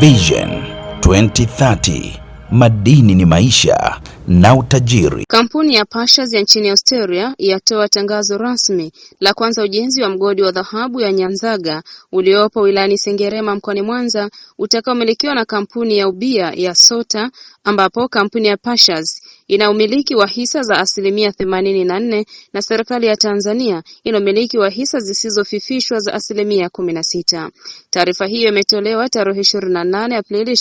Vision 2030 madini ni maisha na utajiri. Kampuni ya Pashas ya nchini Australia yatoa tangazo rasmi la kwanza ujenzi wa mgodi wa dhahabu ya Nyanzaga uliopo wilayani Sengerema mkoani Mwanza utakaomilikiwa na kampuni ya ubia ya Sota ambapo kampuni ya Pashas ina umiliki wa hisa za asilimia themanini na nne na serikali ya Tanzania ina umiliki wa hisa zisizofifishwa za asilimia kumi na sita. Taarifa hiyo imetolewa tarehe nane Aprili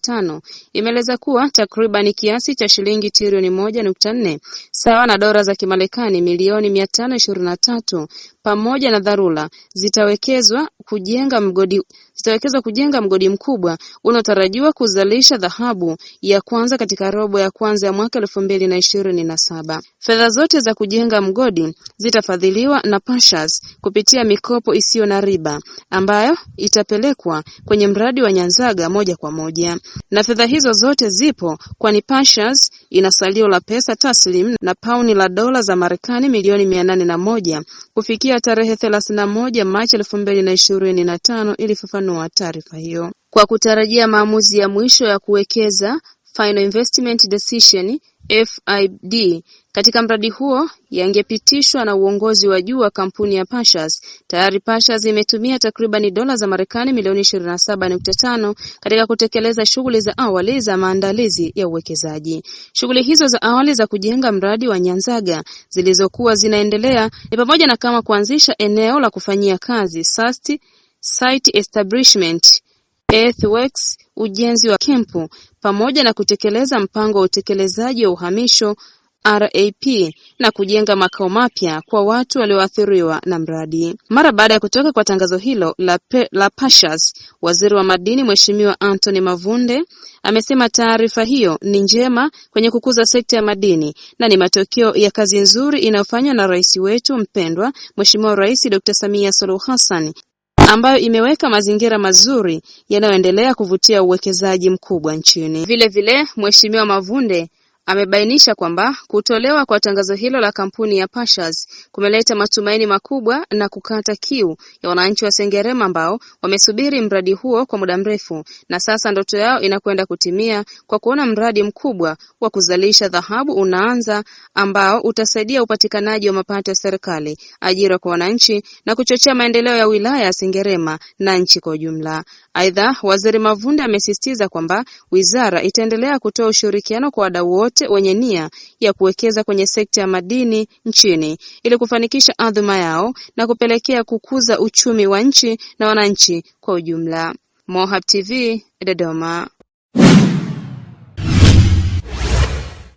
tano imeeleza kuwa takriban ni kiasi cha shilingi trilioni moja nukta nne sawa na dola za Kimarekani milioni mia tano ishirini na tatu pamoja na dharura zitawekezwa kujenga mgodi zitawekezwa kujenga mgodi mkubwa unaotarajiwa kuzalisha dhahabu ya kwanza katika robo ya kwanza ya mwaka elfu mbili na ishirini na saba. Fedha zote za kujenga mgodi zitafadhiliwa na Pashas kupitia mikopo isiyo na riba ambayo itapelekwa kwenye mradi wa Nyanzaga moja kwa moja, na fedha hizo zote zipo kwani Pashas ina salio la pesa taslim na pauni la dola za Marekani milioni mia nane na moja kufikia tarehe thelathini na moja Machi elfu mbili na ishirini na tano ilifafanua mkutano wa taarifa hiyo kwa kutarajia maamuzi ya mwisho ya kuwekeza Final Investment Decision FID katika mradi huo yangepitishwa na uongozi wa juu wa kampuni ya Pashas. Tayari Pashas imetumia takriban dola za Marekani milioni 27.5 katika kutekeleza shughuli za awali za maandalizi ya uwekezaji. Shughuli hizo za awali za kujenga mradi wa Nyanzaga zilizokuwa zinaendelea ni pamoja na kama kuanzisha eneo la kufanyia kazi SAST site establishment earthworks ujenzi wa kempu pamoja na kutekeleza mpango wa utekelezaji wa uhamisho RAP na kujenga makao mapya kwa watu walioathiriwa na mradi. Mara baada ya kutoka kwa tangazo hilo la, pe, la Pashas, Waziri wa Madini Mheshimiwa Anthony Mavunde amesema taarifa hiyo ni njema kwenye kukuza sekta ya madini na ni matokeo ya kazi nzuri inayofanywa na rais wetu mpendwa Mheshimiwa Rais Dr. Samia Suluhu Hassan ambayo imeweka mazingira mazuri yanayoendelea kuvutia uwekezaji mkubwa nchini. vile vile Mheshimiwa Mavunde Amebainisha kwamba kutolewa kwa tangazo hilo la kampuni ya Pashas kumeleta matumaini makubwa na kukata kiu ya wananchi wa Sengerema ambao wamesubiri mradi huo kwa muda mrefu na sasa ndoto yao inakwenda kutimia kwa kuona mradi mkubwa wa kuzalisha dhahabu unaanza ambao utasaidia upatikanaji wa mapato ya serikali, ajira kwa wananchi na kuchochea maendeleo ya wilaya ya Sengerema na nchi kwa ujumla. Aidha, Waziri Mavunde amesisitiza kwamba wizara itaendelea kutoa ushirikiano kwa wadau wote wote wenye nia ya kuwekeza kwenye sekta ya madini nchini ili kufanikisha adhima yao na kupelekea kukuza uchumi wa nchi na wananchi kwa ujumla. Mohab TV Dodoma.